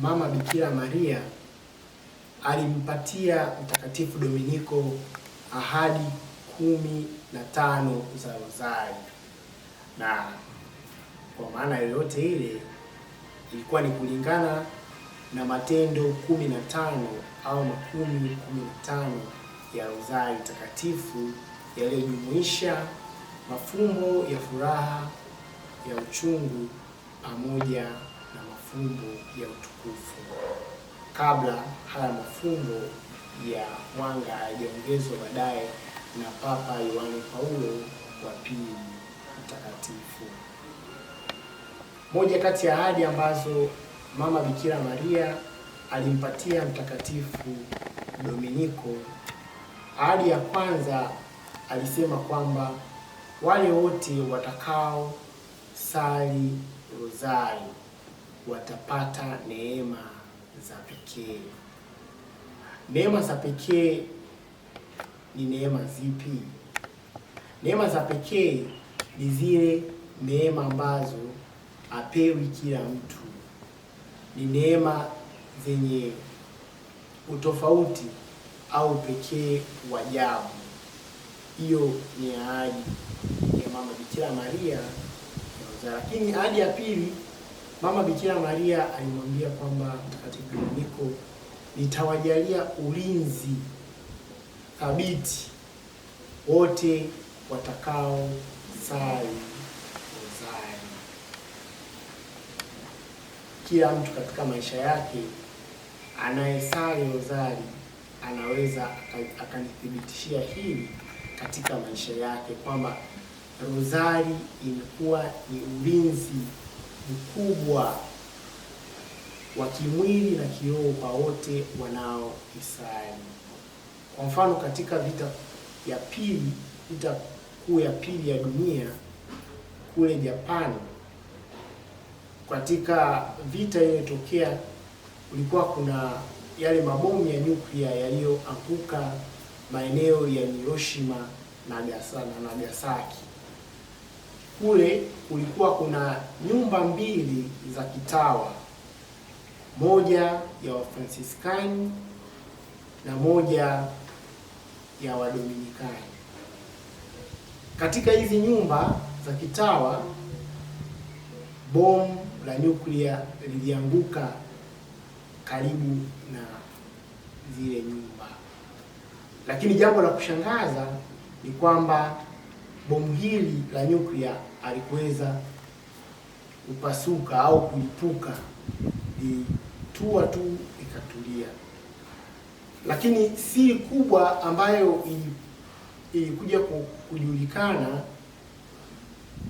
Mama Bikira Maria alimpatia Mtakatifu Dominiko ahadi kumi na tano za rozari, na kwa maana yoyote ile ilikuwa ni kulingana na matendo kumi na tano au makumi kumi na tano ya rozari takatifu yaliyojumuisha mafumbo ya furaha, ya uchungu pamoja mafumbo ya utukufu. Kabla haya mafumbo ya mwanga hayajaongezwa baadaye na Papa Yohane Paulo wa Pili Mtakatifu. Moja kati ya ahadi ambazo Mama Bikira Maria alimpatia Mtakatifu Dominiko, ahadi ya kwanza alisema kwamba wale wote watakao sali rozari watapata neema za pekee. Neema za pekee ni neema zipi? Neema za pekee ni zile neema ambazo apewi kila mtu, ni neema zenye utofauti au pekee wa ajabu. Hiyo ni ahadi ya Mama Bikira Maria ya Uzaa. Lakini ahadi ya pili Mama Bikira Maria alimwambia kwamba Mtakatifu Dominiko, nitawajalia ulinzi thabiti wote watakao sali rozari. Kila mtu katika maisha yake anayesali rozari anaweza akanithibitishia hili katika maisha yake kwamba rozari imekuwa ni ulinzi mkubwa wa kimwili na kiroho kwa wote wanaohisani. Kwa mfano, katika vita ya pili, vita kuu ya pili ya dunia kule Japani, katika vita iliyotokea kulikuwa kuna yale mabomu ya nyuklia yaliyoanguka maeneo ya Hiroshima na Nagasaki kule kulikuwa kuna nyumba mbili za kitawa, moja ya Wafransiskani na moja ya Wadominikani. Katika hizi nyumba za kitawa bomu la nyuklia lilianguka karibu na zile nyumba, lakini jambo la kushangaza ni kwamba bomu hili la nyuklia alikuweza kupasuka au kuipuka litua tu ikatulia. Lakini siri kubwa ambayo ilikuja kujulikana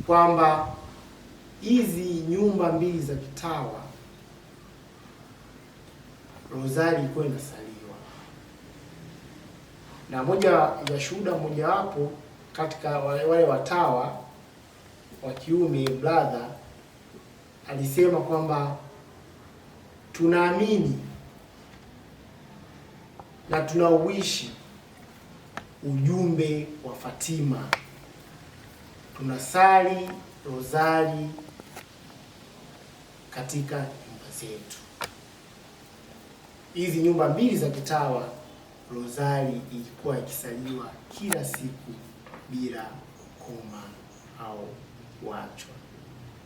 kwamba hizi nyumba mbili za kitawa Rozari ilikuwa inasaliwa na moja ya shuhuda mojawapo katika wale, wale watawa wa kiume brother alisema kwamba tunaamini na tunauishi ujumbe wa Fatima, tunasali rozari katika nyumba zetu. Hizi nyumba mbili za kitawa rozari ilikuwa ikisaliwa kila siku. bila koma au guacho.